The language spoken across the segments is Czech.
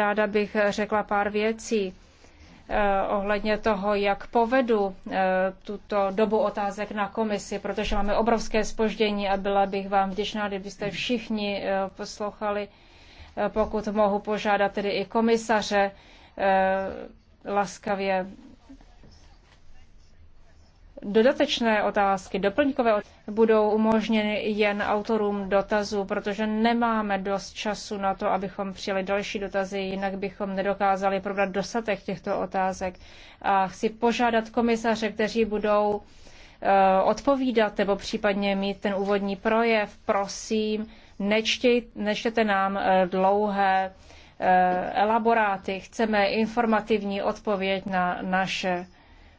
Ráda bych řekla pár věcí eh, ohledně toho, jak povedu eh, tuto dobu otázek na komisi, protože máme obrovské spoždění a byla bych vám vděčná, kdybyste všichni eh, poslouchali, pokud mohu požádat tedy i komisaře laskavě Dodatečné otázky, doplňkové otázky budou umožněny jen autorům dotazů, protože nemáme dost času na to, abychom přijali další dotazy, jinak bychom nedokázali probrat dostatek těchto otázek. A chci požádat komisaře, kteří budou eh, odpovídat nebo případně mít ten úvodní projev, prosím, nečtěj, nečtěte nám eh, dlouhé eh, elaboráty. Chceme informativní odpověď na naše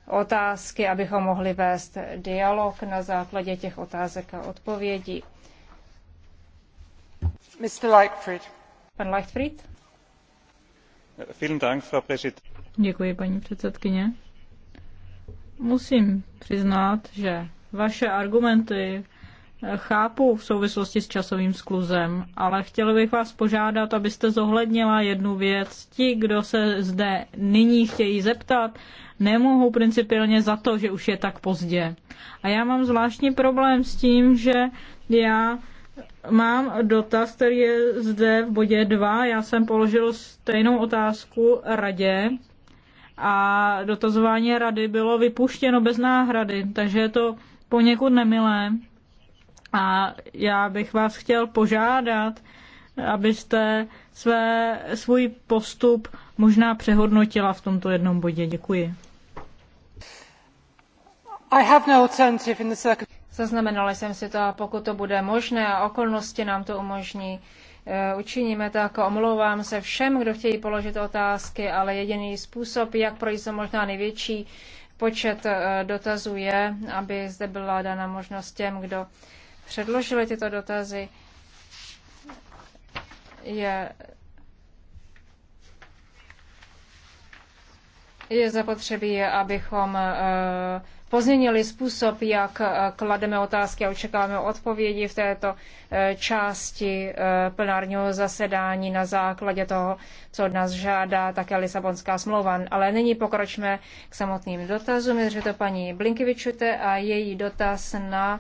otázky, abychom mohli vést dialog na základě těch otázek a odpovědí. Mr. Lightfried. Pan Lightfried. Děkuji, paní předsedkyně. Musím přiznat, že vaše argumenty chápu v souvislosti s časovým skluzem, ale chtěl bych vás požádat, abyste zohlednila jednu věc. Ti, kdo se zde nyní chtějí zeptat, nemohou principiálně za to, že už je tak pozdě. A já mám zvláštní problém s tím, že já mám dotaz, který je zde v bodě 2. Já jsem položil stejnou otázku radě a dotazování rady bylo vypuštěno bez náhrady, takže je to poněkud nemilé a já bych vás chtěl požádat, abyste své, svůj postup možná přehodnotila v tomto jednom bodě. Děkuji. I have no alternative in the circuit. Zaznamenala jsem si to a pokud to bude možné a okolnosti nám to umožní, eh, učiníme tak. Omlouvám se všem, kdo chtějí položit otázky, ale jediný způsob, jak projít to možná největší počet eh, dotazů je, aby zde byla dána možnost těm, kdo předložili tyto dotazy. Je, je zapotřebí, abychom eh, pozměnili způsob, jak eh, klademe otázky a očekáváme odpovědi v této eh, části plenárního zasedání na základě toho, co od nás žádá také Lisabonská smlouva. Ale nyní pokročme k samotným dotazům. Je to paní Blinkevičute a její dotaz na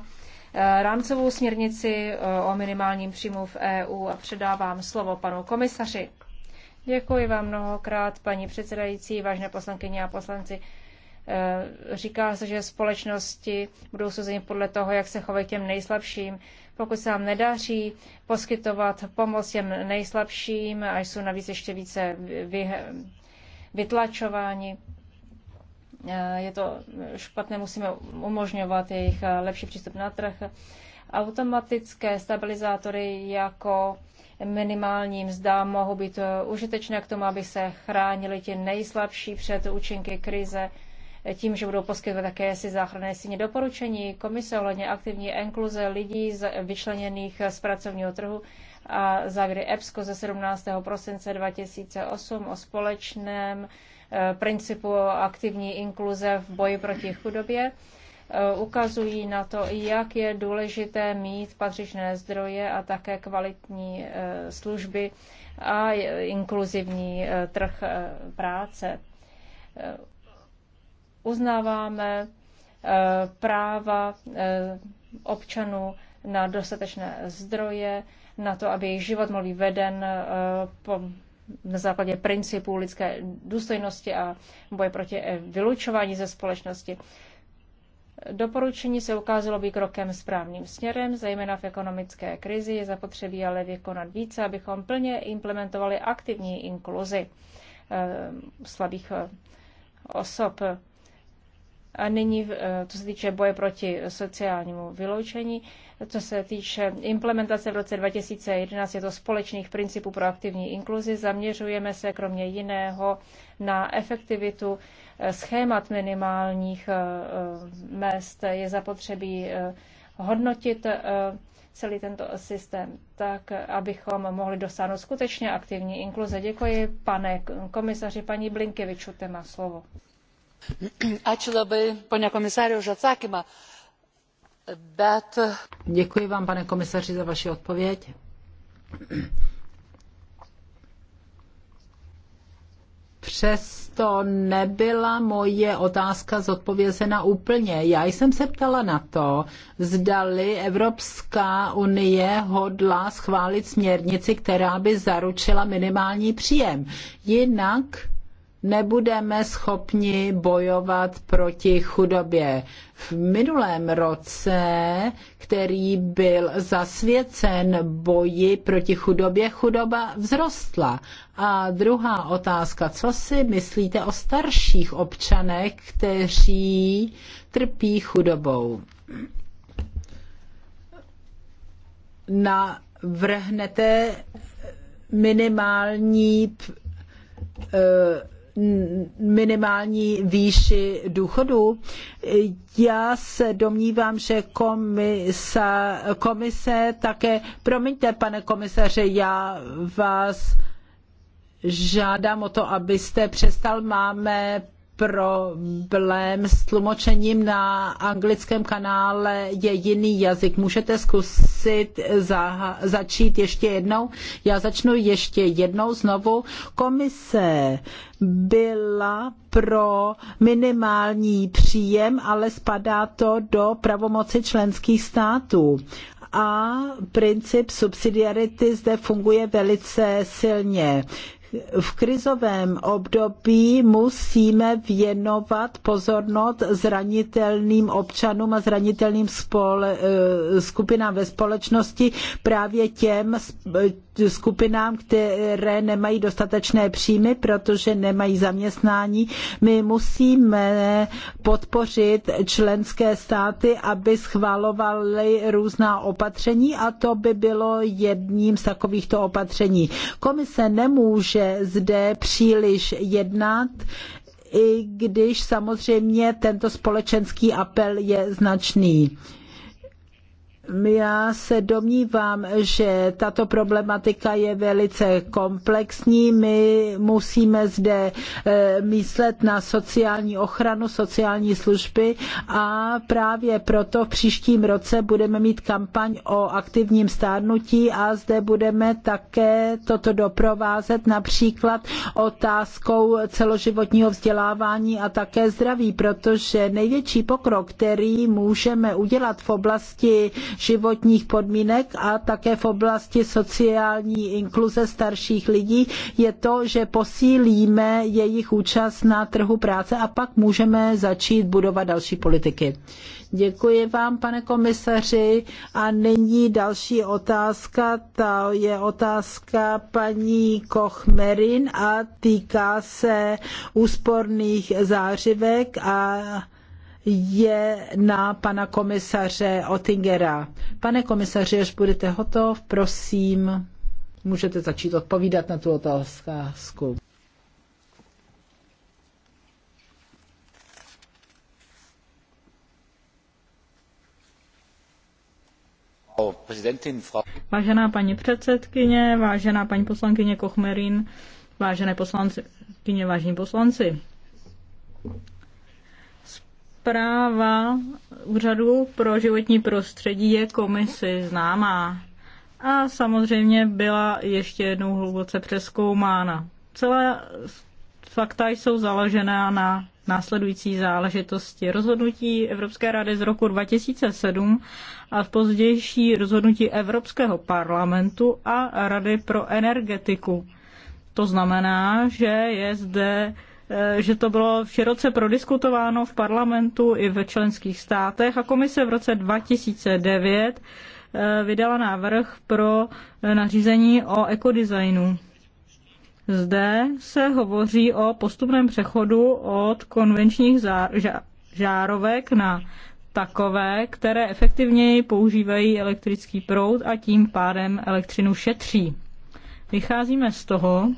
rámcovou směrnici eh, o minimálním příjmu v EU a předávám slovo panu komisaři. Děkuji vám mnohokrát, paní předsedající, vážné poslankyně a poslanci. Eh, říká se, že společnosti budou souzeny podle toho, jak se chovají těm nejslabším. Pokud se vám nedaří poskytovat pomoc těm nejslabším a jsou navíc ještě více vytlačováni, Eh, je to špatné, musíme umožňovat jejich eh, lepší přístup na trh. Automatické stabilizátory jako minimální mzda mohou být eh, užitečné k tomu, aby se chránili ti nejslabší před účinky krize tím, že budou poskytovat také si záchranné síně doporučení komise ohledně aktivní inkluze lidí vyčleněných z pracovního trhu a závěry EPSCO ze 17. prosince 2008 o společném Eh, principu aktivní inkluze v boji proti chudobě eh, ukazují na to, jak je důležité mít patřičné zdroje a také kvalitní eh, služby a inkluzivní trh práce. Uznáváme práva občanů na dostatečné zdroje, na to, aby jejich život mohl být veden na základě principů lidské důstojnosti a boje proti vylučování ze společnosti. Doporučení se ukázalo být krokem správným směrem, zejména v ekonomické krizi je zapotřebí ale vykonat více, abychom plně implementovali aktivní inkluzi eh, slabých eh, osob. A nyní, eh, co se týče boje proti sociálnímu vyloučení, co se týče implementace v roce 2011, je to společných principů pro aktivní inkluzi. Zaměřujeme se kromě jiného na efektivitu eh, schémat minimálních eh, mest. Je zapotřebí hodnotit celý tento systém tak, abychom mohli dosáhnout skutečně aktivní inkluze. Děkuji, pane komisaři, paní Blinkeviču, má slovo. Děkuji vám, pane komisaři, za vaši odpověď. Přesto nebyla moje otázka zodpovězena úplně. Já jsem se ptala na to, zdali Evropská unie hodlá schválit směrnici, která by zaručila minimální příjem. Jinak nebudeme schopni bojovat proti chudobě. V minulém roce, který byl zasvěcen boji proti chudobě, chudoba vzrostla. A druhá otázka, co si myslíte o starších občanech, kteří trpí chudobou? Navrhnete minimální eh, minimální výši důchodu. Já se domnívám, že komisa, komise také, promiňte pane komisaře, já vás žádám o to, abyste přestal, máme problém s tlumočením na anglickém kanále je jiný jazyk. Můžete zkusit za, začít ještě jednou? Já začnu ještě jednou znovu. Komise byla pro minimální příjem, ale spadá to do pravomoci členských států a princip subsidiarity zde funguje velice silně v krizovém období musíme věnovat pozornost zranitelným občanům a zranitelným eh, skupinám ve společnosti, právě těm skupinám, které nemají dostatečné příjmy, protože nemají zaměstnání. My musíme podpořit členské státy, aby schvalovaly různá opatření a to by bylo jedním z takovýchto opatření. Komise nemůže zde příliš jednat, i když samozřejmě tento společenský apel je značný. Já se domnívám, že tato problematika je velice komplexní. My musíme zde eh, myslet na sociální ochranu, sociální služby a právě proto v příštím roce budeme mít kampaň o aktivním stárnutí a zde budeme také toto doprovázet například otázkou celoživotního vzdělávání a také zdraví, protože největší pokrok, který můžeme udělat v oblasti životních podmínek a také v oblasti sociální inkluze starších lidí je to, že posílíme jejich účast na trhu práce a pak můžeme začít budovat další politiky. Děkuji vám, pane komisaři. A nyní další otázka, ta je otázka paní Kochmerin a týká se úsporných zářivek a je na pana komisaře Ottingera. Pane komisaři, až budete hotov, prosím, můžete začít odpovídat na tu otázku. Vážená paní předsedkyně, vážená paní poslankyně Kochmerin, vážené poslankyně, vážení poslanci. Zpráva Úřadu pro životní prostředí je komisi známá a samozřejmě byla ještě jednou hluboce přeskoumána. Celá fakta jsou založená na následující záležitosti. Rozhodnutí Evropské rady z roku 2007 a v pozdější rozhodnutí Evropského parlamentu a Rady pro energetiku. To znamená, že je zde Eh, že to bylo široce prodiskutováno v parlamentu i ve členských státech a komise v roce 2009 eh, vydala návrh pro eh, nařízení o ekodesignu. Zde se hovoří o postupném přechodu od konvenčních žárovek na takové, které efektivněji používají elektrický proud a tím pádem elektřinu šetří. Vycházíme z toho,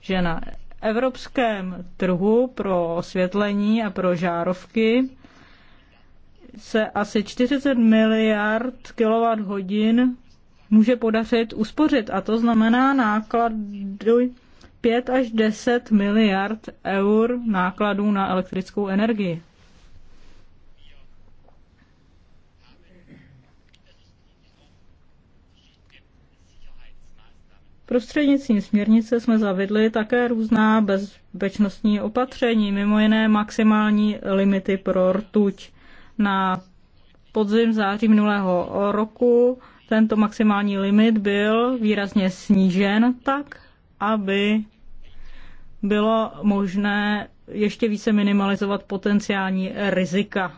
že na evropském trhu pro osvětlení a pro žárovky se asi 40 miliard kWh může podařit uspořit. A to znamená náklady 5 až 10 miliard eur nákladů na elektrickou energii. Prostřednictvím směrnice jsme zavedli také různá bezpečnostní opatření, mimo jiné maximální limity pro rtuť. Na podzim září minulého roku tento maximální limit byl výrazně snížen tak, aby bylo možné ještě více minimalizovat potenciální rizika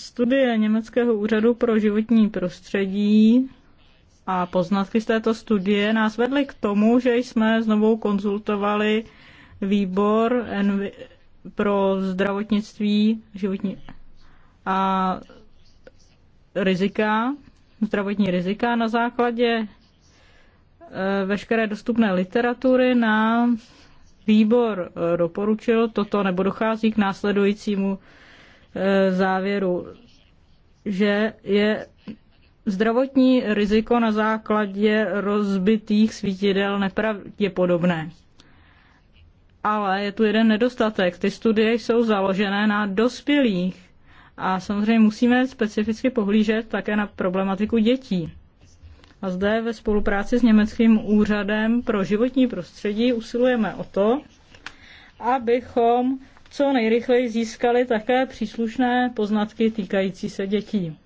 Studie Německého úřadu pro životní prostředí a poznatky z této studie nás vedly k tomu, že jsme znovu konzultovali výbor NV pro zdravotnictví životní a rizika, zdravotní rizika na základě e, veškeré dostupné literatury nám výbor doporučil toto, nebo dochází k následujícímu Eh, závěru, že je zdravotní riziko na základě rozbitých svítidel nepravděpodobné. Ale je tu jeden nedostatek. Ty studie jsou založené na dospělých. A samozřejmě musíme specificky pohlížet také na problematiku dětí. A zde ve spolupráci s Německým úřadem pro životní prostředí usilujeme o to, abychom co nejrychleji získali také příslušné poznatky týkající se dětí.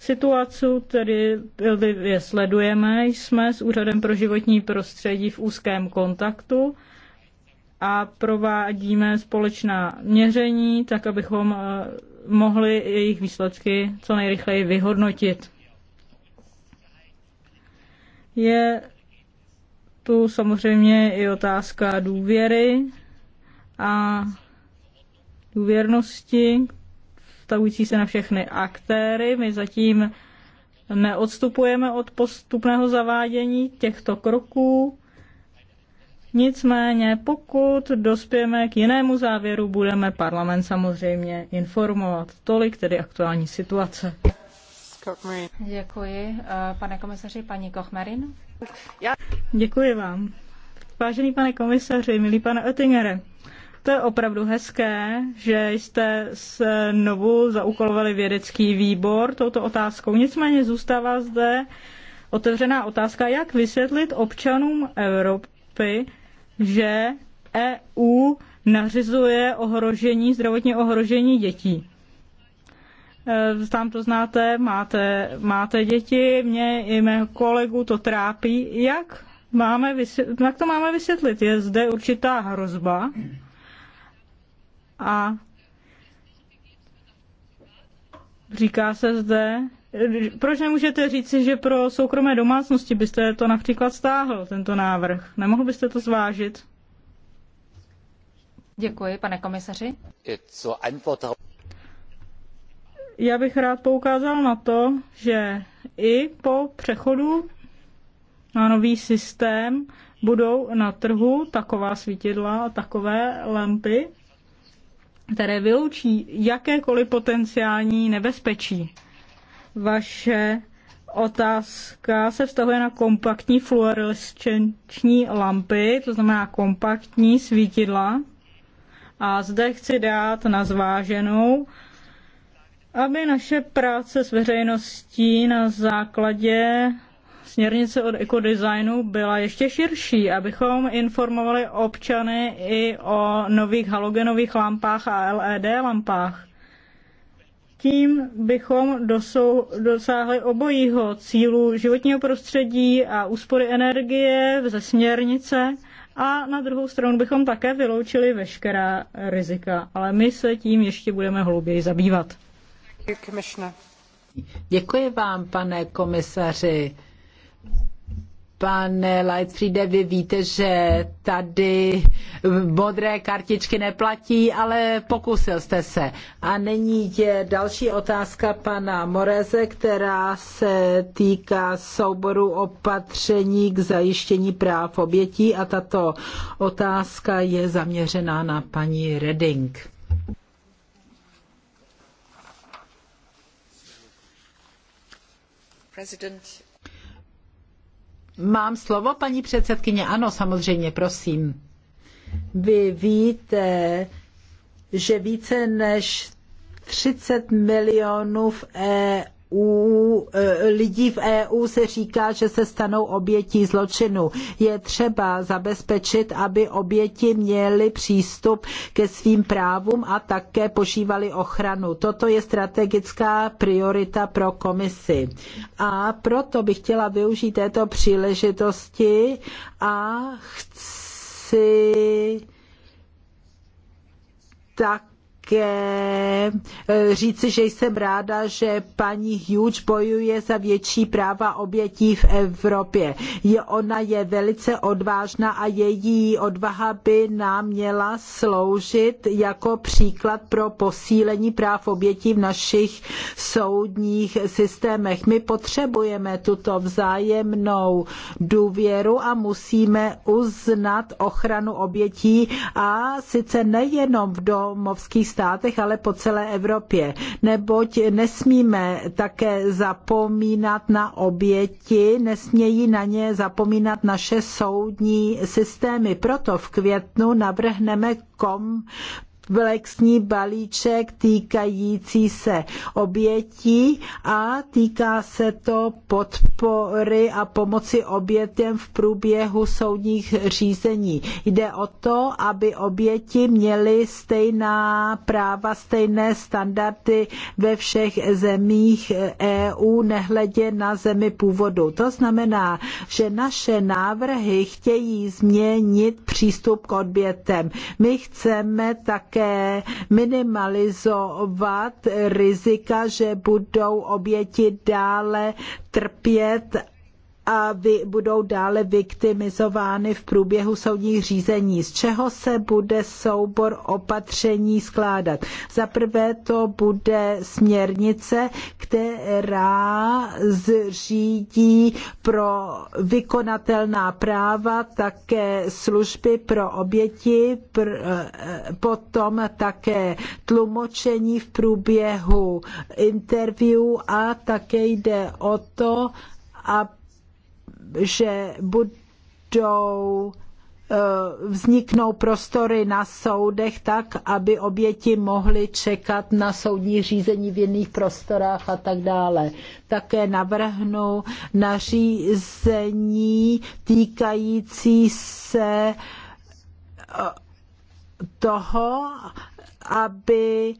Situaci tedy je sledujeme, jsme s Úřadem pro životní prostředí v úzkém kontaktu a provádíme společná měření, tak abychom eh, mohli jejich výsledky co nejrychleji vyhodnotit. Je tu samozřejmě i otázka důvěry a důvěrnosti vztahující se na všechny aktéry. My zatím neodstupujeme od postupného zavádění těchto kroků. Nicméně, pokud dospějeme k jinému závěru, budeme parlament samozřejmě informovat. Tolik tedy aktuální situace. Děkuji, eh, pane komisaři, paní Kochmerin. Děkuji vám. Vážený pane komisaři, milý pane Oettingere, to je opravdu hezké, že jste se znovu zaúkolovali vědecký výbor touto otázkou. Nicméně zůstává zde otevřená otázka, jak vysvětlit občanům Evropy, že EU nařizuje ohrožení, zdravotně ohrožení dětí. E, tam to znáte, máte, máte děti, mě i mého kolegu to trápí. Jak, máme vysvětlit, jak to máme vysvětlit? Je zde určitá hrozba, a říká se zde, proč nemůžete říci, že pro soukromé domácnosti byste to například stáhl, tento návrh? Nemohl byste to zvážit? Děkuji, pane komisaři. Já bych rád poukázal na to, že i po přechodu na nový systém budou na trhu taková svítidla a takové lampy, které vyloučí jakékoliv potenciální nebezpečí. Vaše otázka se vztahuje na kompaktní fluorescenční lampy, to znamená kompaktní svítidla. A zde chci dát na zváženou, aby naše práce s veřejností na základě směrnice od ekodesignu byla ještě širší, abychom informovali občany i o nových halogenových lampách a LED lampách. Tím bychom dosou, dosáhli obojího cílu životního prostředí a úspory energie ze směrnice a na druhou stranu bychom také vyloučili veškerá rizika. Ale my se tím ještě budeme hlouběji zabývat. Děkuji vám, pane komisaři. Pane Lightfriede, vy víte, že tady modré kartičky neplatí, ale pokusil jste se. A nyní je další otázka pana Moreze, která se týká souboru opatření k zajištění práv obětí a tato otázka je zaměřená na paní Reding. President, Mám slovo, paní předsedkyně? Ano, samozřejmě, prosím. Vy víte, že více než 30 milionů v EU EU, e, lidí v EU se říká, že se stanou obětí zločinu. Je třeba zabezpečit, aby oběti měly přístup ke svým právům a také požívali ochranu. Toto je strategická priorita pro komisi. A proto bych chtěla využít této příležitosti a chci tak také eh, říci, že jsem ráda, že paní Hughes bojuje za větší práva obětí v Evropě. Je, ona je velice odvážná a její odvaha by nám měla sloužit jako příklad pro posílení práv obětí v našich soudních systémech. My potřebujeme tuto vzájemnou důvěru a musíme uznat ochranu obětí a sice nejenom v domovských státech, státech, ale po celé Evropě. Neboť nesmíme také zapomínat na oběti, nesmějí na ně zapomínat naše soudní systémy. Proto v květnu navrhneme kom komplexní balíček týkající se obětí a týká se to podpory a pomoci obětem v průběhu soudních řízení. Jde o to, aby oběti měly stejná práva, stejné standardy ve všech zemích EU, nehledě na zemi původu. To znamená, že naše návrhy chtějí změnit přístup k obětem. My chceme také také minimalizovat rizika, že budou oběti dále trpět aby budou dále viktimizovány v průběhu soudních řízení. Z čeho se bude soubor opatření skládat? Za prvé to bude směrnice, která zřídí pro vykonatelná práva také služby pro oběti, potom také tlumočení v průběhu interview a také jde o to, aby že budou eh, vzniknou prostory na soudech tak, aby oběti mohly čekat na soudní řízení v jiných prostorách a tak dále. Také navrhnu nařízení týkající se eh, toho, aby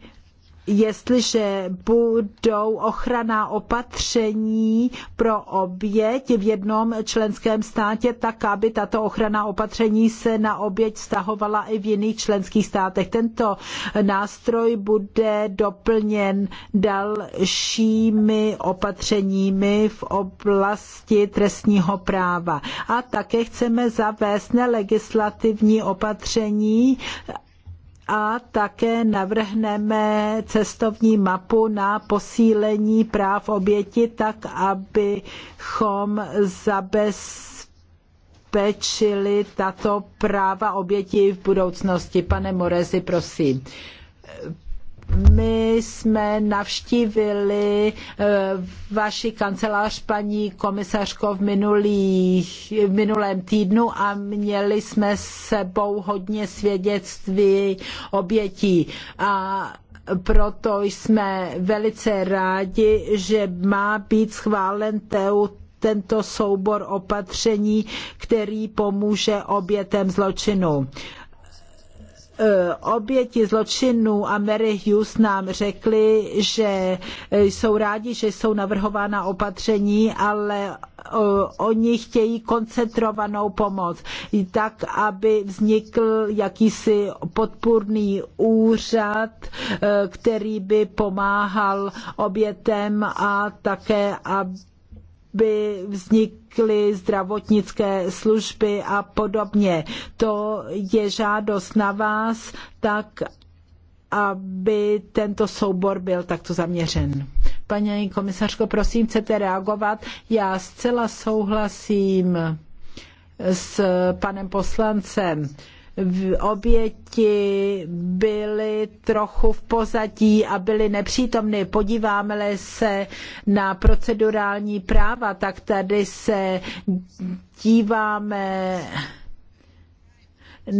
jestliže budou ochranná opatření pro oběť v jednom členském státě, tak aby tato ochranná opatření se na oběť vztahovala i v jiných členských státech. Tento nástroj bude doplněn dalšími opatřeními v oblasti trestního práva. A také chceme zavést nelegislativní opatření a také navrhneme cestovní mapu na posílení práv oběti, tak abychom zabezpečili tato práva oběti v budoucnosti. Pane Morezi, prosím. My jsme navštívili eh, vaši kancelář, paní komisařko, v, minulých, v minulém týdnu a měli jsme s sebou hodně svědectví obětí. A proto jsme velice rádi, že má být schválen tento soubor opatření, který pomůže obětem zločinu. E, oběti zločinů a Mary Hughes nám řekli, že e, jsou rádi, že jsou navrhována opatření, ale e, oni chtějí koncentrovanou pomoc, tak, aby vznikl jakýsi podpůrný úřad, který by pomáhal obětem a také, aby by vznikly zdravotnické služby a podobně. To je žádost na vás, tak aby tento soubor byl takto zaměřen. Paní komisařko, prosím, chcete reagovat? Já zcela souhlasím s panem poslancem v oběti byly trochu v pozadí a byly nepřítomny. Podíváme-li se na procedurální práva, tak tady se díváme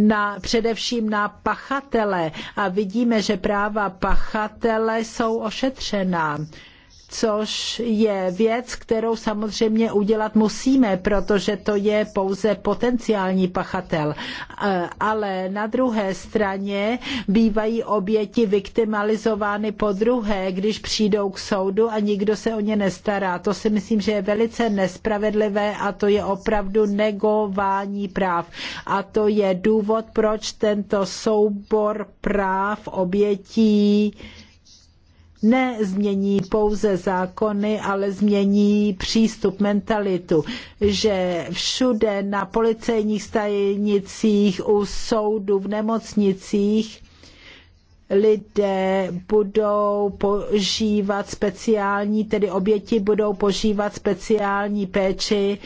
na, především na pachatele a vidíme, že práva pachatele jsou ošetřena což je věc, kterou samozřejmě udělat musíme, protože to je pouze potenciální pachatel. Ale na druhé straně bývají oběti viktimalizovány po druhé, když přijdou k soudu a nikdo se o ně nestará. To si myslím, že je velice nespravedlivé a to je opravdu negování práv. A to je důvod, proč tento soubor práv obětí nezmění pouze zákony, ale změní přístup, mentalitu, že všude na policejních stanicích, u soudu, v nemocnicích lidé budou požívat speciální, tedy oběti budou požívat speciální péči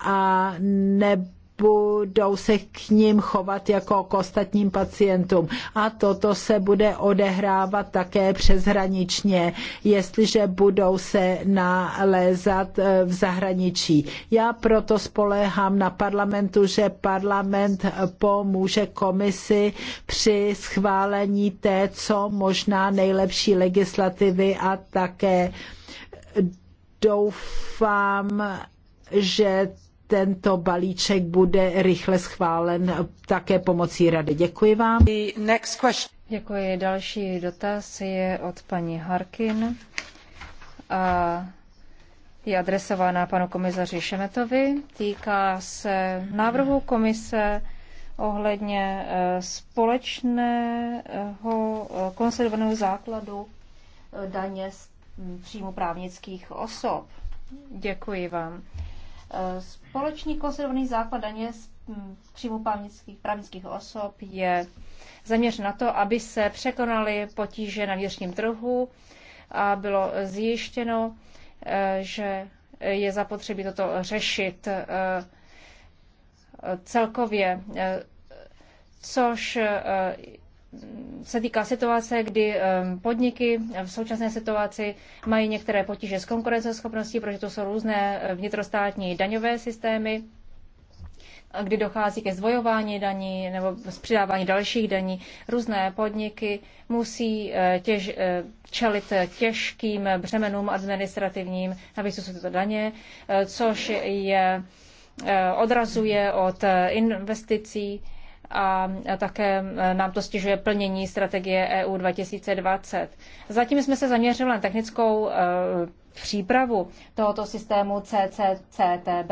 a nebo budou se k ním chovat jako k ostatním pacientům. A toto se bude odehrávat také přeshraničně, jestliže budou se nalézat eh, v zahraničí. Já proto spoléhám na parlamentu, že parlament pomůže komisi při schválení té, co možná nejlepší legislativy a také doufám, že tento balíček bude rychle schválen také pomocí rady. Děkuji vám. Děkuji. Další dotaz je od paní Harkin a je adresována panu komisaři Šemetovi. Týká se návrhu komise ohledně eh, společného eh, konsolidovaného základu eh, daně z příjmu právnických osob. Děkuji vám. Společný konsolidovaný základ daně z hm, příjmu právnických, právnických osob je zaměřen na to, aby se překonaly potíže na vnitřním trhu a bylo zjištěno, eh, že je zapotřebí toto řešit eh, celkově, eh, což se týká situace, kdy podniky v současné situaci mají některé potíže s konkurenceschopností, protože to jsou různé eh, vnitrostátní daňové systémy, kdy dochází ke zdvojování daní nebo přidávání dalších daní. Různé podniky musí eh, těž, eh, čelit těžkým břemenům administrativním, na se to daně, což je odrazuje od investicí a také eh, nám to stěžuje plnění strategie EU 2020. Zatím jsme se zaměřili na technickou eh, přípravu tohoto systému CCCTB.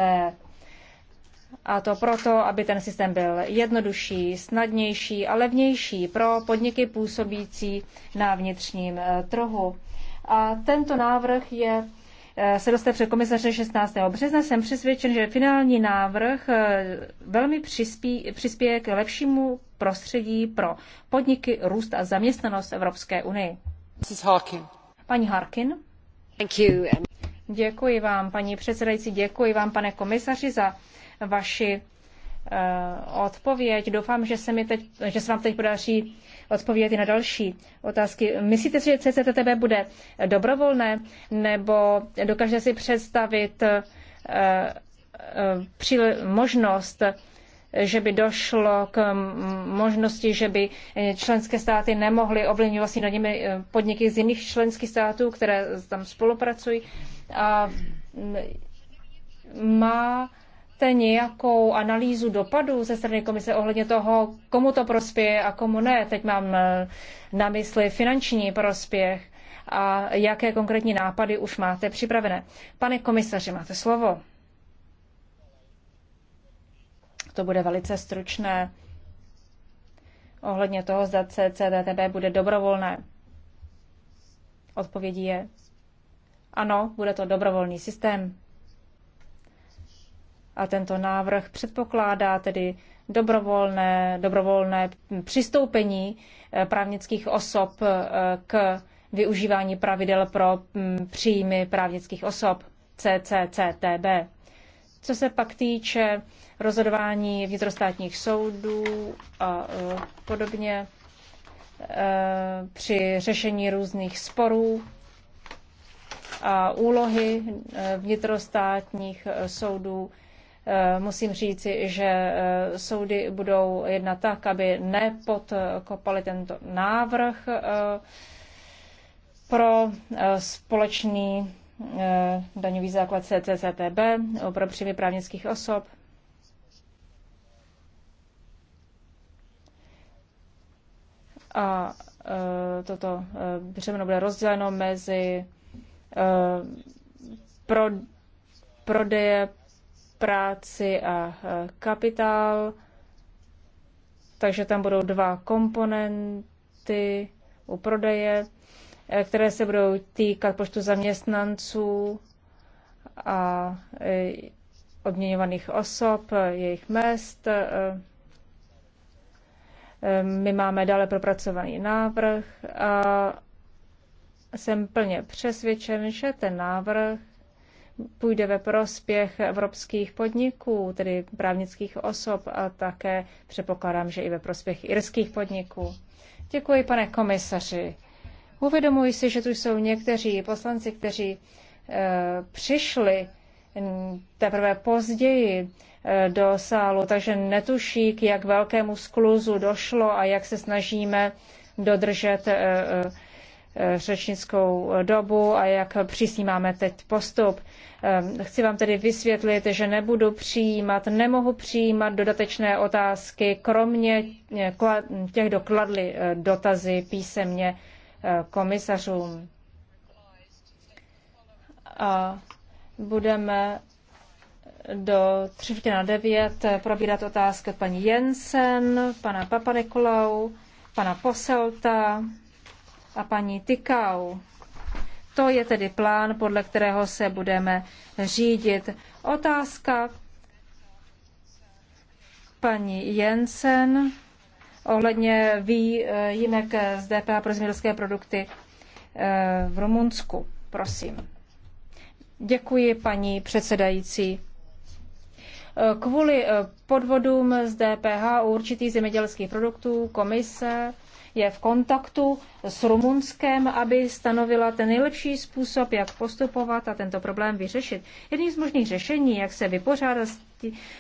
A to proto, aby ten systém byl jednodušší, snadnější a levnější pro podniky působící na vnitřním eh, trhu. A tento návrh je Eh, se dostat před komisaře 16. března, jsem přesvědčen, že finální návrh eh, velmi přispí, přispěje k lepšímu prostředí pro podniky, růst a zaměstnanost Evropské unii. Harkin. Paní Harkin. Thank you. Um, děkuji vám, paní předsedající, děkuji vám, pane komisaři, za vaši eh, odpověď. Doufám, že se, mi teď, že se vám teď podaří odpovědět i na další otázky. Myslíte si, že CCTB bude dobrovolné, nebo dokáže si představit eh, eh, možnost, že by došlo k možnosti, že by členské státy nemohly ovlivňovat vlastně nad nimi eh, podniky z jiných členských států, které tam spolupracují. A má jste nějakou analýzu dopadů ze strany komise ohledně toho, komu to prospěje a komu ne? Teď mám eh, na mysli finanční prospěch a jaké konkrétní nápady už máte připravené. Pane komisaři, máte slovo. To bude velice stručné ohledně toho, zda CCTB bude dobrovolné. Odpovědí je ano, bude to dobrovolný systém. A tento návrh předpokládá tedy dobrovolné, dobrovolné přistoupení eh, právnických osob eh, k využívání pravidel pro mm, příjmy právnických osob CCCTB. Co se pak týče rozhodování vnitrostátních soudů a eh, podobně při řešení různých sporů a úlohy vnitrostátních soudů, Eh, musím říci, že eh, soudy budou jednat tak, aby nepodkopali tento návrh eh, pro společný daňový základ CCCTB pro příjmy právnických osob. A toto břemeno bude rozděleno mezi pro, prodeje práci a kapitál. Takže tam budou dva komponenty u prodeje, e, které se budou týkat počtu zaměstnanců a e, odměňovaných osob, e, jejich mest. My máme dále propracovaný návrh a jsem plně přesvědčen, že ten návrh půjde ve prospěch evropských podniků, tedy právnických osob a také přepokládám, že i ve prospěch irských podniků. Děkuji, pane komisaři. Uvědomuji si, že tu jsou někteří poslanci, kteří e, přišli teprve později e, do sálu, takže netuší, k jak velkému skluzu došlo a jak se snažíme dodržet e, e, řečnickou dobu a jak přísný máme teď postup. Ehm, chci vám tedy vysvětlit, že nebudu přijímat, nemohu přijímat dodatečné otázky, kromě těch, kdo kladli eh, dotazy písemně eh, komisařům. A budeme do třetí na devět eh, probírat otázky paní Jensen, pana Papanikolau, pana Poselta, a paní Tikau, To je tedy plán, podle kterého se budeme řídit. Otázka paní Jensen ohledně výjimek z DPH pro zemědělské produkty eh, v Rumunsku. Prosím. Děkuji, paní předsedající. Eh, kvůli eh, podvodům z DPH u určitých zemědělských produktů komise je v kontaktu s Rumunskem, aby stanovila ten nejlepší způsob, jak postupovat a tento problém vyřešit. Jedním z možných řešení, jak se vypořádat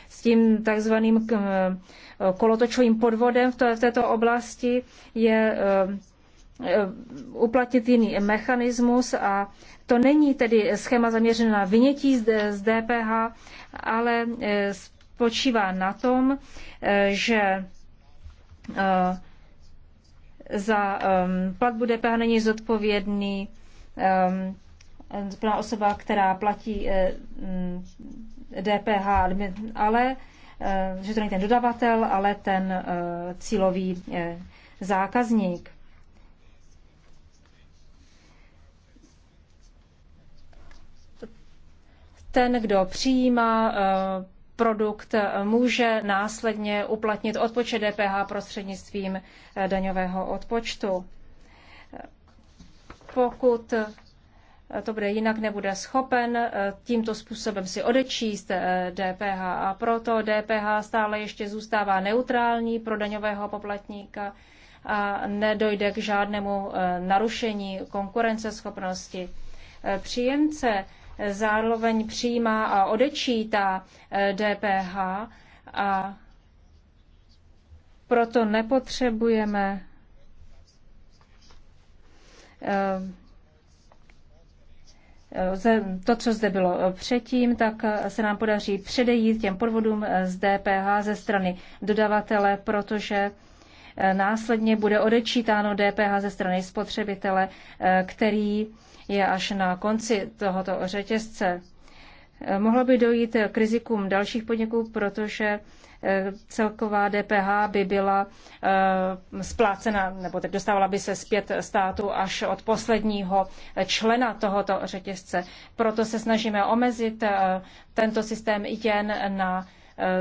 s tím takzvaným eh, kolotočovým podvodem v této oblasti, je eh, eh, uplatnit jiný mechanismus a to není tedy schéma zaměřená na vynětí z DPH, ale spočívá na tom, že za um, platbu DPH není zodpovědný um, osoba, která platí uh, eh, mm, DPH, ale uh, že to není ten dodavatel, ale ten uh, cílový uh, zákazník. Ten, kdo přijímá uh, produkt může následně uplatnit odpočet DPH prostřednictvím eh, daňového odpočtu. Pokud eh, to bude jinak, nebude schopen eh, tímto způsobem si odečíst DPH a proto DPH stále ještě zůstává neutrální pro daňového poplatníka a nedojde k žádnému narušení konkurenceschopnosti. Příjemce zároveň přijímá a odečítá DPH eh, a proto nepotřebujeme eh, eh, to, co zde bylo předtím, tak se nám podaří předejít těm podvodům z DPH ze strany dodavatele, protože Eh, následně bude odečítáno DPH ze strany spotřebitele, eh, který je až na konci tohoto řetězce. Eh, mohlo by dojít k rizikům dalších podniků, protože celková DPH by byla splácena, nebo teď dostávala by se zpět státu až od posledního člena tohoto řetězce. Proto se snažíme omezit tento systém jen na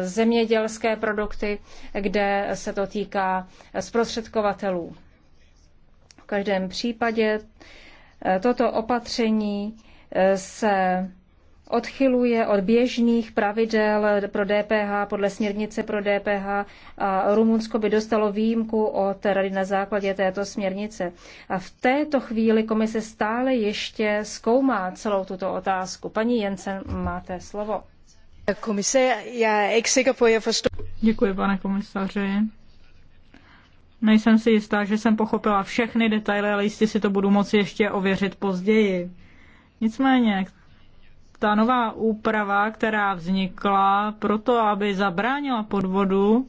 zemědělské produkty, kde se to týká zprostředkovatelů. V každém případě eh, toto opatření eh, se odchyluje od běžných pravidel pro DPH podle směrnice pro DPH a Rumunsko by dostalo výjimku od rady na základě této směrnice. A v této chvíli komise stále ještě zkoumá celou tuto otázku. Paní Jensen, máte slovo. Jako Děkuji, pane komisaři. Nejsem si jistá, že jsem pochopila všechny detaily, ale jistě si to budu moci ještě ověřit později. Nicméně, ta nová úprava, která vznikla proto, aby zabránila podvodu,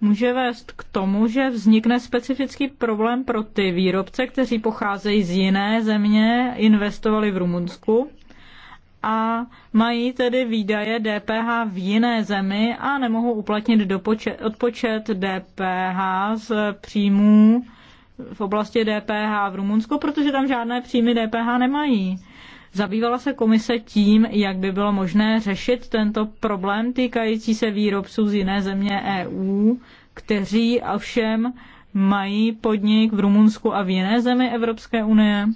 může vést k tomu, že vznikne specifický problém pro ty výrobce, kteří pocházejí z jiné země, investovali v Rumunsku a mají tedy výdaje DPH v jiné zemi a nemohou uplatnit dopočet, odpočet DPH z příjmů v oblasti DPH v Rumunsku, protože tam žádné příjmy DPH nemají. Zabývala se komise tím, jak by bylo možné řešit tento problém týkající se výrobců z jiné země EU, kteří ovšem mají podnik v Rumunsku a v jiné zemi Evropské unie,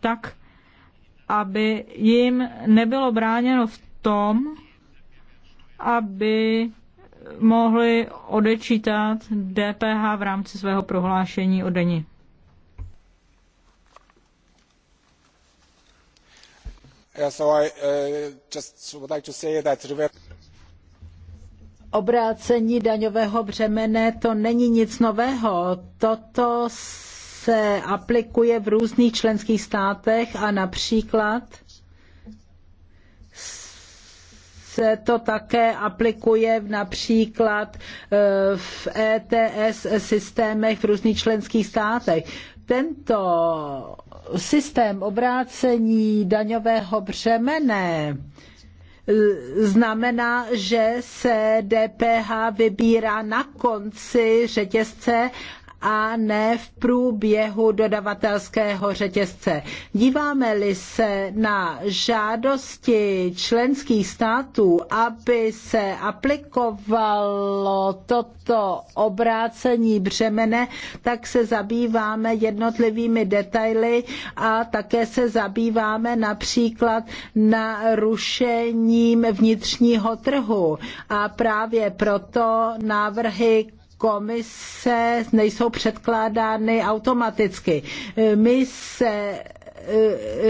tak aby jim nebylo bráněno v tom, aby mohli odečítat DPH v rámci svého prohlášení o deni. Uh, Obrácení daňového břemene to není nic nového. Toto se aplikuje v různých členských státech a například se to také aplikuje například e, v ETS systémech v různých členských státech. Tento systém obrácení daňového břemene e, znamená, že se DPH vybírá na konci řetězce a ne v průběhu dodavatelského řetězce. Díváme-li se na žádosti členských států, aby se aplikovalo toto obrácení břemene, tak se zabýváme jednotlivými detaily a také se zabýváme například narušením vnitřního trhu. A právě proto návrhy komise nejsou předkládány automaticky. My se e,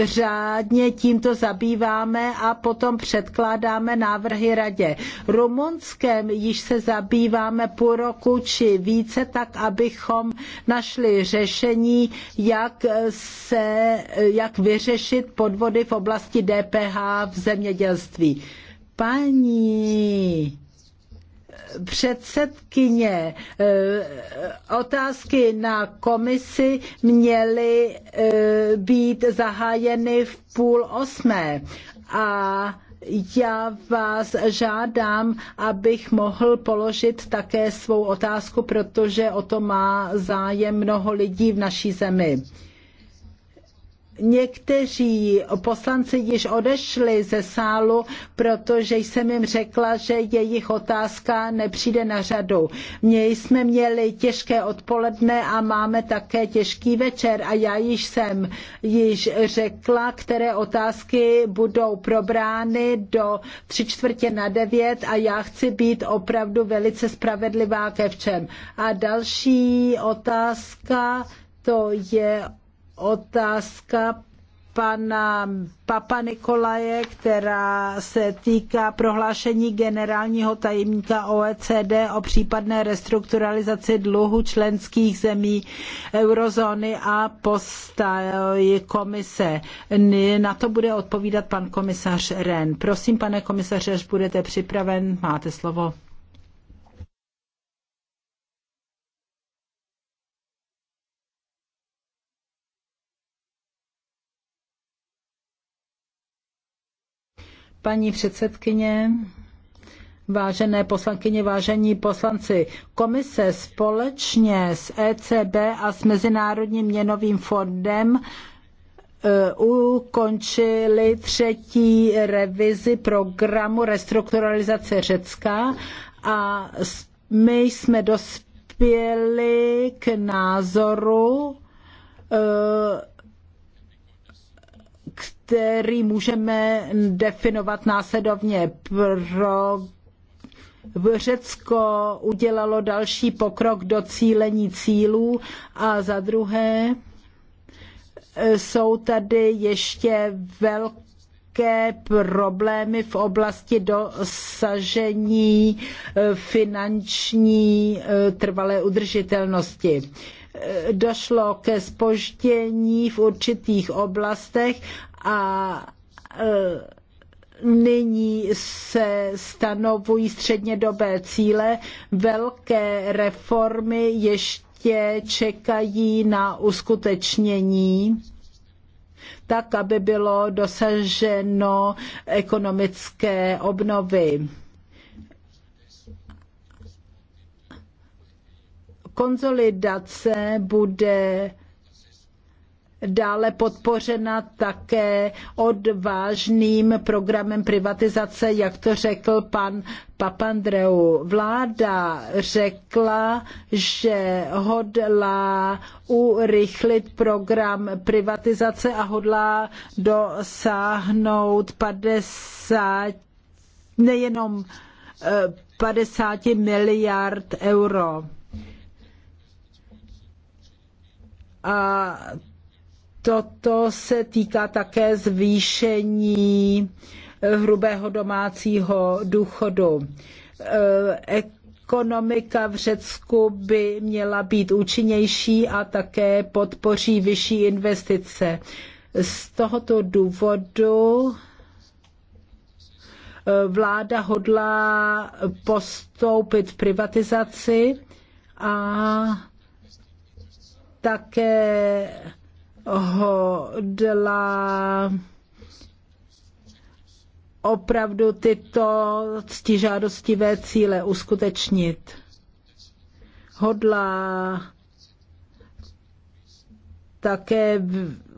řádně tímto zabýváme a potom předkládáme návrhy radě. Rumunskem již se zabýváme půl roku či více, tak abychom našli řešení, jak, se, jak vyřešit podvody v oblasti DPH v zemědělství. Paní předsedkyně eh, otázky na komisi měly eh, být zahájeny v půl osmé a já vás žádám, abych mohl položit také svou otázku, protože o to má zájem mnoho lidí v naší zemi. Někteří poslanci již odešli ze sálu, protože jsem jim řekla, že jejich otázka nepřijde na řadu. My jsme měli těžké odpoledne a máme také těžký večer a já již jsem již řekla, které otázky budou probrány do tři čtvrtě na devět a já chci být opravdu velice spravedlivá ke všem. A další otázka to je otázka pana Papa Nikolaje, která se týká prohlášení generálního tajemníka OECD o případné restrukturalizaci dluhu členských zemí eurozóny a postoji komise. Na to bude odpovídat pan komisař Ren. Prosím, pane komisaře, až budete připraven, máte slovo. Paní předsedkyně, vážené poslankyně, vážení poslanci, komise společně s ECB a s Mezinárodním měnovým fondem e, ukončili třetí revizi programu restrukturalizace Řecka a my jsme dospěli k názoru, e, který můžeme definovat následovně. Pro Řecko udělalo další pokrok do cílení cílů a za druhé e, jsou tady ještě velké velké problémy v oblasti dosažení e, finanční e, trvalé udržitelnosti došlo ke spoždění v určitých oblastech a e, nyní se stanovují střednědobé cíle. Velké reformy ještě čekají na uskutečnění tak, aby bylo dosaženo ekonomické obnovy. Konzolidace bude dále podpořena také odvážným programem privatizace, jak to řekl pan Papandreou. Vláda řekla, že hodlá urychlit program privatizace a hodlá dosáhnout 50, nejenom 50 eh, miliard euro A toto se týká také zvýšení eh, hrubého domácího důchodu. Eh, ekonomika v Řecku by měla být účinnější a také podpoří vyšší investice. Z tohoto důvodu eh, vláda hodlá postoupit v privatizaci a také hodla opravdu tyto ctižádostivé cíle uskutečnit. Hodla také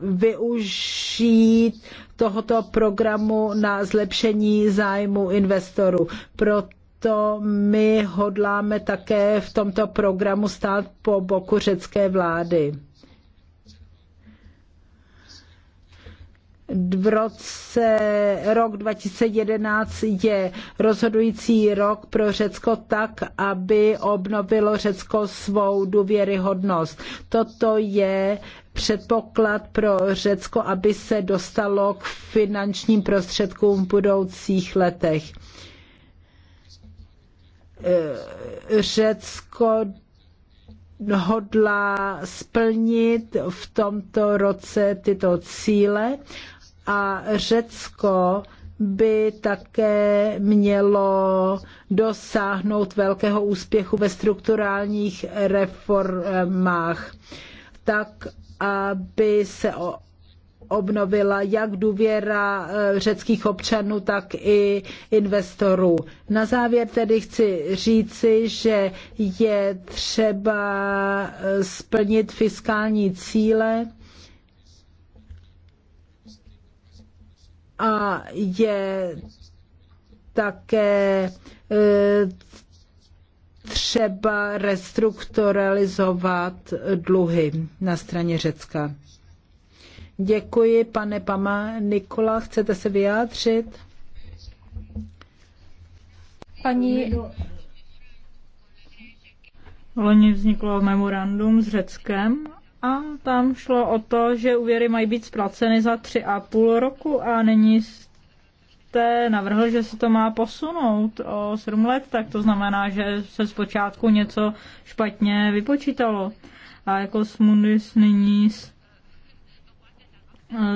využít tohoto programu na zlepšení zájmu investorů. Proto proto my hodláme také v tomto programu stát po boku řecké vlády. v roce, rok 2011 je rozhodující rok pro Řecko tak, aby obnovilo Řecko svou důvěryhodnost. Toto je předpoklad pro Řecko, aby se dostalo k finančním prostředkům v budoucích letech. Eh, Řecko hodlá splnit v tomto roce tyto cíle a Řecko by také mělo dosáhnout velkého úspěchu ve strukturálních reformách, tak aby se obnovila jak důvěra eh, řeckých občanů, tak i investorů. Na závěr tedy chci říci, že je třeba eh, splnit fiskální cíle a je také eh, třeba restrukturalizovat dluhy na straně Řecka. Děkuji, pane Pama. Nikola, chcete se vyjádřit? Paní... Loni vzniklo memorandum s Řeckem a tam šlo o to, že úvěry mají být splaceny za tři a půl roku a není jste navrhl, že se to má posunout o sedm let, tak to znamená, že se zpočátku něco špatně vypočítalo. A jako Smundis nyní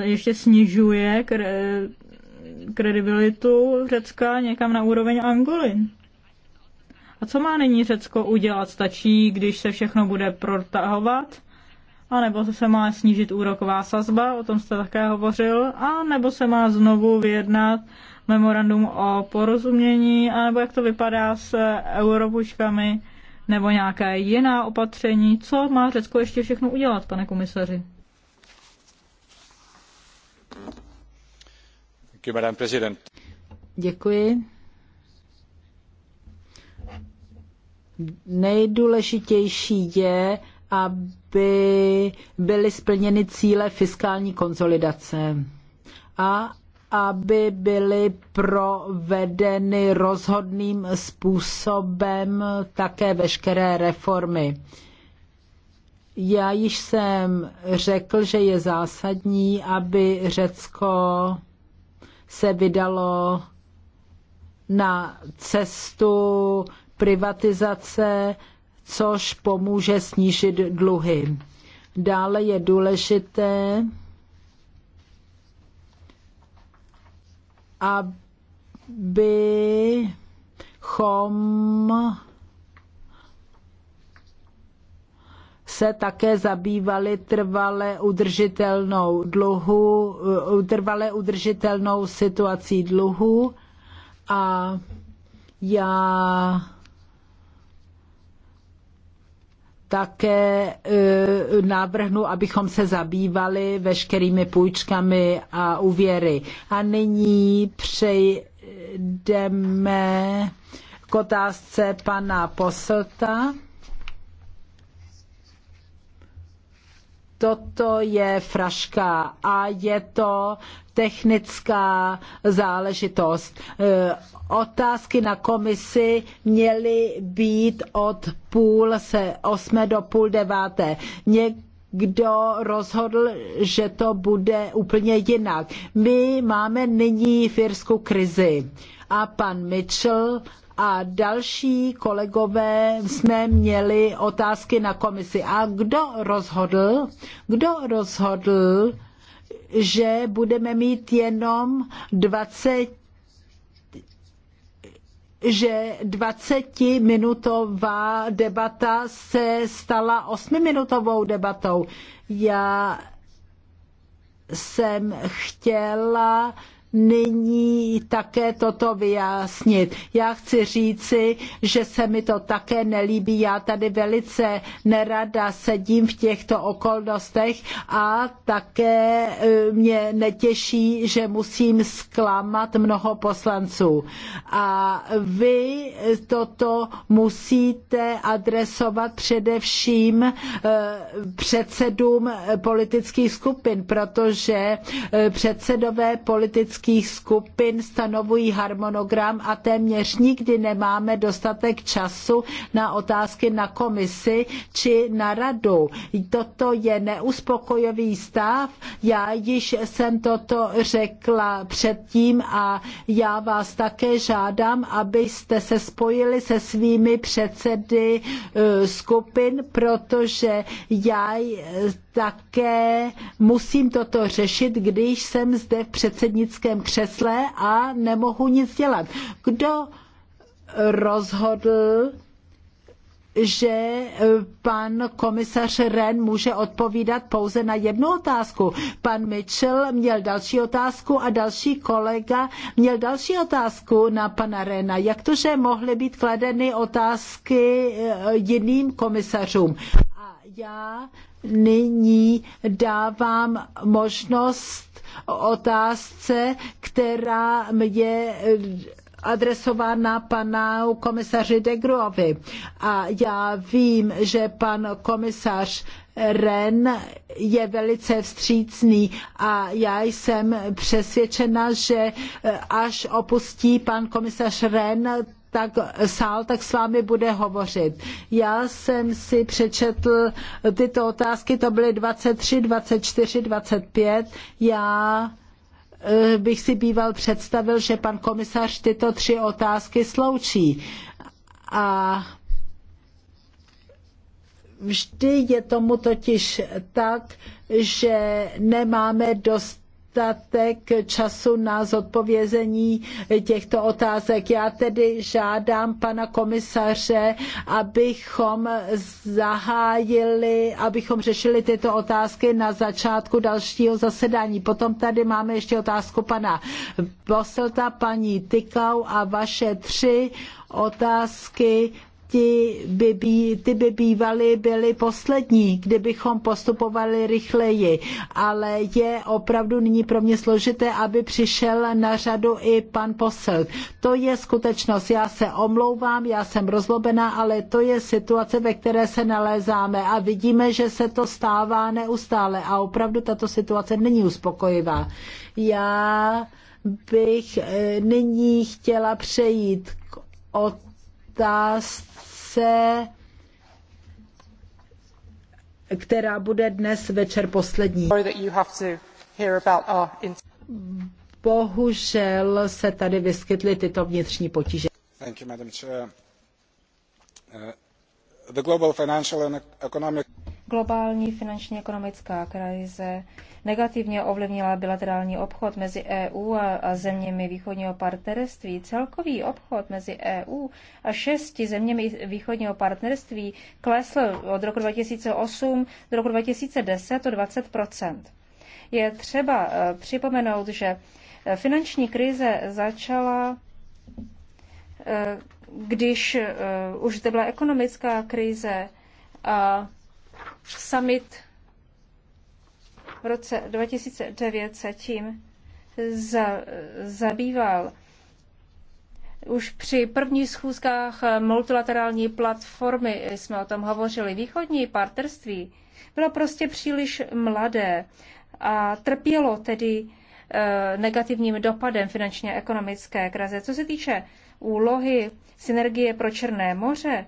ještě snižuje kredibilitu Řecka někam na úroveň Angoly. A co má nyní Řecko udělat? Stačí, když se všechno bude protahovat? A nebo se má snížit úroková sazba, o tom jste také hovořil, a nebo se má znovu vyjednat memorandum o porozumění, a nebo jak to vypadá s eurobuškami, nebo nějaké jiná opatření. Co má Řecko ještě všechno udělat, pane komisaři? Děkuji. Nejdůležitější je, aby byly splněny cíle fiskální konsolidace a aby byly provedeny rozhodným způsobem také veškeré reformy. Já již jsem řekl, že je zásadní, aby Řecko se vydalo na cestu privatizace, což pomůže snížit dluhy. Dále je důležité, abychom se také zabývali trvale udržitelnou dluhu, eh, trvale udržitelnou situací dluhu a já také eh, návrhnu, abychom se zabývali veškerými půjčkami a úvěry. A nyní přejdeme k otázce pana Poslta. Toto je fraška a je to technická záležitost. E, otázky na komisi měly být od půl se, osmé do půl deváté. Někdo rozhodl, že to bude úplně jinak. My máme nyní firskou krizi a pan Mitchell a další kolegové jsme měli otázky na komisi. A kdo rozhodl? Kdo rozhodl, že budeme mít jenom 20 že 20-minutová debata se stala 8-minutovou debatou. Já jsem chtěla nyní také toto vyjasnit. Já chci říci, že se mi to také nelíbí. Já tady velice nerada sedím v těchto okolnostech a také e, mě netěší, že musím zklamat mnoho poslanců. A vy toto musíte adresovat především e, předsedům politických skupin, protože e, předsedové politických politických skupin stanovují harmonogram a téměř nikdy nemáme dostatek času na otázky na komisi či na radu. Toto je neuspokojivý stav. Já již jsem toto řekla předtím a já vás také žádám, abyste se spojili se svými předsedy eh, skupin, protože já také musím toto řešit, když jsem zde v předsednickém křesle a nemohu nic dělat. Kdo rozhodl, že eh, pan komisař Ren může odpovídat pouze na jednu otázku. Pan Mitchell měl další otázku a další kolega měl další otázku na pana Rena. Jak to, že mohly být kladeny otázky eh, jiným komisařům? A já nyní dávám možnost otázce, která je eh, adresována panu komisaři de Grovi. A já vím, že pan komisař Ren je velice vstřícný a já jsem přesvědčena, že eh, až opustí pan komisař Ren tak, sál, tak s vámi bude hovořit. Já jsem si přečetl tyto otázky, to byly 23, 24, 25. Já eh, bych si býval představil, že pan komisař tyto tři otázky sloučí. A vždy je tomu totiž tak, že nemáme dost dostatek času na zodpovězení těchto otázek. Já tedy žádám pana komisaře, abychom zahájili, abychom řešili tyto otázky na začátku dalšího zasedání. Potom tady máme ještě otázku pana Boselta, paní Tykau a vaše tři otázky ti by, bý, ty by bývaly byly poslední, kdybychom postupovali rychleji. Ale je opravdu nyní pro mě složité, aby přišel na řadu i pan posel. To je skutečnost. Já se omlouvám, já jsem rozlobená, ale to je situace, ve které se nalézáme a vidíme, že se to stává neustále a opravdu tato situace není uspokojivá. Já bych eh, nyní chtěla přejít k od otázce, která bude dnes večer poslední. Bohužel se tady vyskytly tyto vnitřní potíže. Thank you, Madam Chair. Uh, the global financial and economic Globální finanční ekonomická krize negativně ovlivnila bilaterální obchod mezi EU a, a zeměmi východního partnerství. Celkový obchod mezi EU a šesti zeměmi východního partnerství klesl od roku 2008 do roku 2010 o 20 Je třeba e, připomenout, že e, finanční krize začala e, když už zde byla ekonomická krize a summit v roce 2009 se tím za, zabýval. Už při prvních schůzkách multilaterální platformy jsme o tom hovořili. Východní partnerství bylo prostě příliš mladé a trpělo tedy eh, negativním dopadem finančně ekonomické krize. Co se týče úlohy synergie pro Černé moře,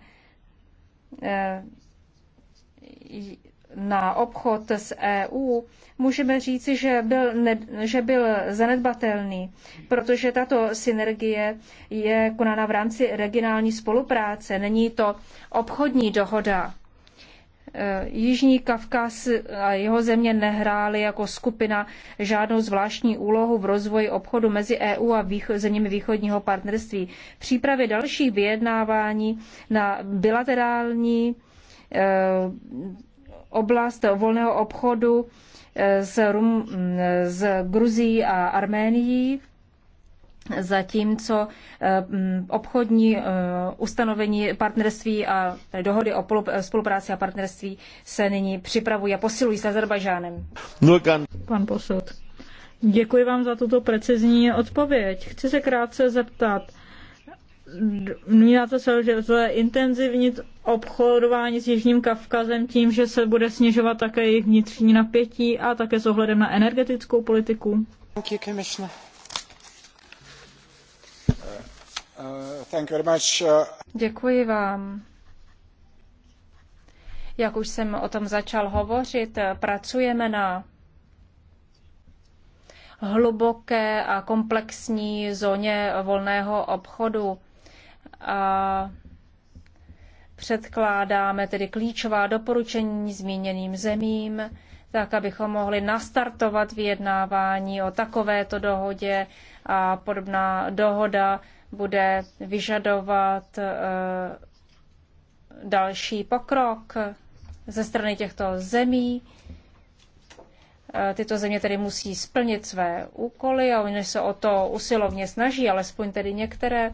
eh, na obchod s EU, můžeme říci, že byl, ne, že byl zanedbatelný, protože tato synergie je konána v rámci regionální spolupráce, není to obchodní dohoda. E, Jižní Kavkaz a jeho země nehrály jako skupina žádnou zvláštní úlohu v rozvoji obchodu mezi EU a výcho- zeměmi východního partnerství. V přípravě dalších vyjednávání na bilaterální Eh, oblast volného obchodu eh, s, Rum, mm, s Gruzí a Arménií, zatímco eh, mm, obchodní ustanovení partnerství a dohody o spolupráci a partnerství se nyní připravují a posilují s Azerbajdžánem. Pan posud. Děkuji vám za tuto precizní odpověď. Chci se krátce zeptat, Domníváte se, že to je intenzivní obchodování s Jižním Kavkazem tím, že se bude snižovat také jejich vnitřní napětí a také s ohledem na energetickou politiku? Thank you, Commissioner. Uh, uh, thank you very much. Uh, Děkuji vám. Jak už jsem o tom začal hovořit, pracujeme na hluboké a komplexní zóně volného obchodu a předkládáme tedy klíčová doporučení zmíněným zemím, tak abychom mohli nastartovat vyjednávání o takovéto dohodě a podobná dohoda bude vyžadovat e, další pokrok ze strany těchto zemí. E, tyto země tedy musí splnit své úkoly a oni se o to usilovně snaží, alespoň tedy některé.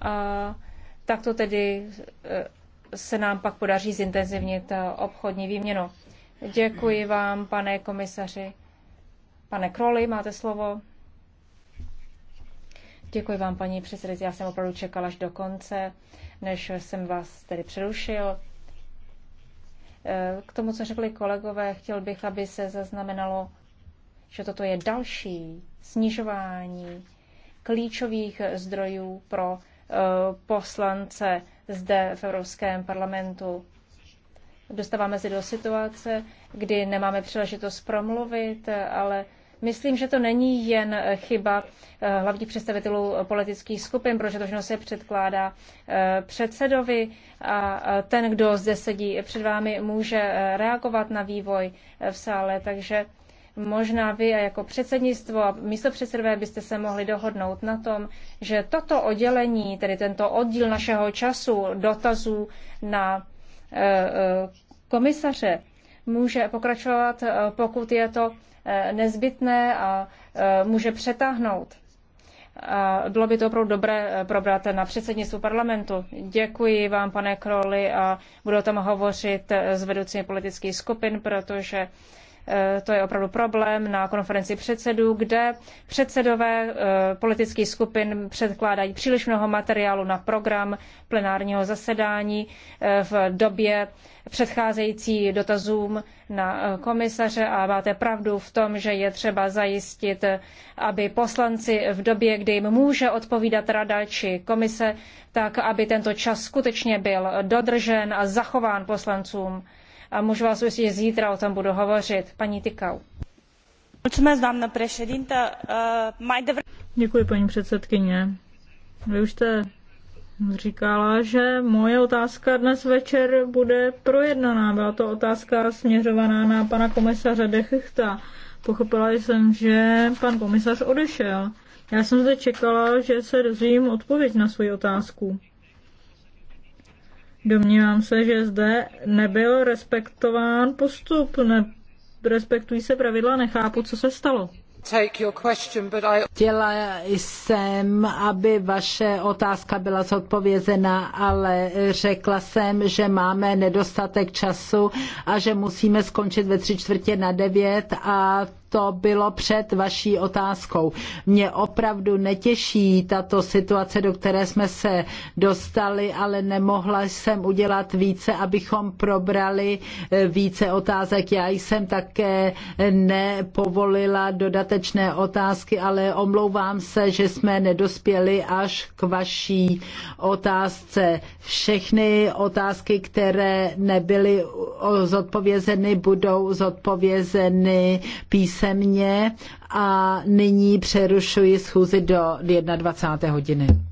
A to tedy e, se nám pak podaří zintenzivnit e, obchodní výměnu. Děkuji vám, pane komisaři. Pane Kroli, máte slovo. Děkuji vám, paní předsedající. Já jsem opravdu čekala až do konce, než jsem vás tedy přerušil. E, k tomu, co řekli kolegové, chtěl bych, aby se zaznamenalo, že toto je další snižování klíčových zdrojů pro Eh, poslance zde v Evropském parlamentu. Dostáváme se do situace, kdy nemáme příležitost promluvit, ale myslím, že to není jen chyba eh, hlavních představitelů politických skupin, protože to všechno se předkládá eh, předsedovi a ten, kdo zde sedí před vámi, může reagovat na vývoj v sále. Takže Možná vy a jako předsednictvo a místopředsedové byste se mohli dohodnout na tom, že toto oddělení, tedy tento oddíl našeho času, dotazů na e, e, komisaře, může pokračovat, e, pokud je to nezbytné a může přetáhnout. A bylo by to opravdu dobré probrat na předsednictvu parlamentu. Děkuji vám, pane Kroli, a budu tam hovořit s vedoucími politických skupin, protože Eh, to je opravdu problém na konferenci předsedů, kde předsedové eh, politických skupin předkládají příliš mnoho materiálu na program plenárního zasedání eh, v době předcházející dotazům na komisaře a máte pravdu v tom, že je třeba zajistit, aby poslanci v době, kdy jim může odpovídat rada či komise, tak aby tento čas skutečně byl dodržen a zachován poslancům a můžu vás ujistit, že zítra o tom budu hovořit. Paní Tykau. Uh, Děkuji, paní předsedkyně. Vy už jste říkala, že moje otázka dnes večer bude projednaná. Byla to otázka směřovaná na pana komisaře Dechichta. Pochopila jsem, že pan komisař odešel. Já jsem zde čekala, že se dozvím odpověď na svoji otázku. Domnívám se, že zde nebyl respektován postup, respektují se pravidla, nechápu, co se stalo. Chtěla jsem, aby vaše otázka byla zodpovězena, ale řekla jsem, že máme nedostatek času a že musíme skončit ve tři čtvrtě na devět a to bylo před vaší otázkou. Mě opravdu netěší tato situace, do které jsme se dostali, ale nemohla jsem udělat více, abychom probrali eh, více otázek. Já jsem také nepovolila dodatečné otázky, ale omlouvám se, že jsme nedospěli až k vaší otázce. Všechny otázky, které nebyly zodpovězeny, budou zodpovězeny písemně písemně a nyní přerušuji schůzi do 21. hodiny.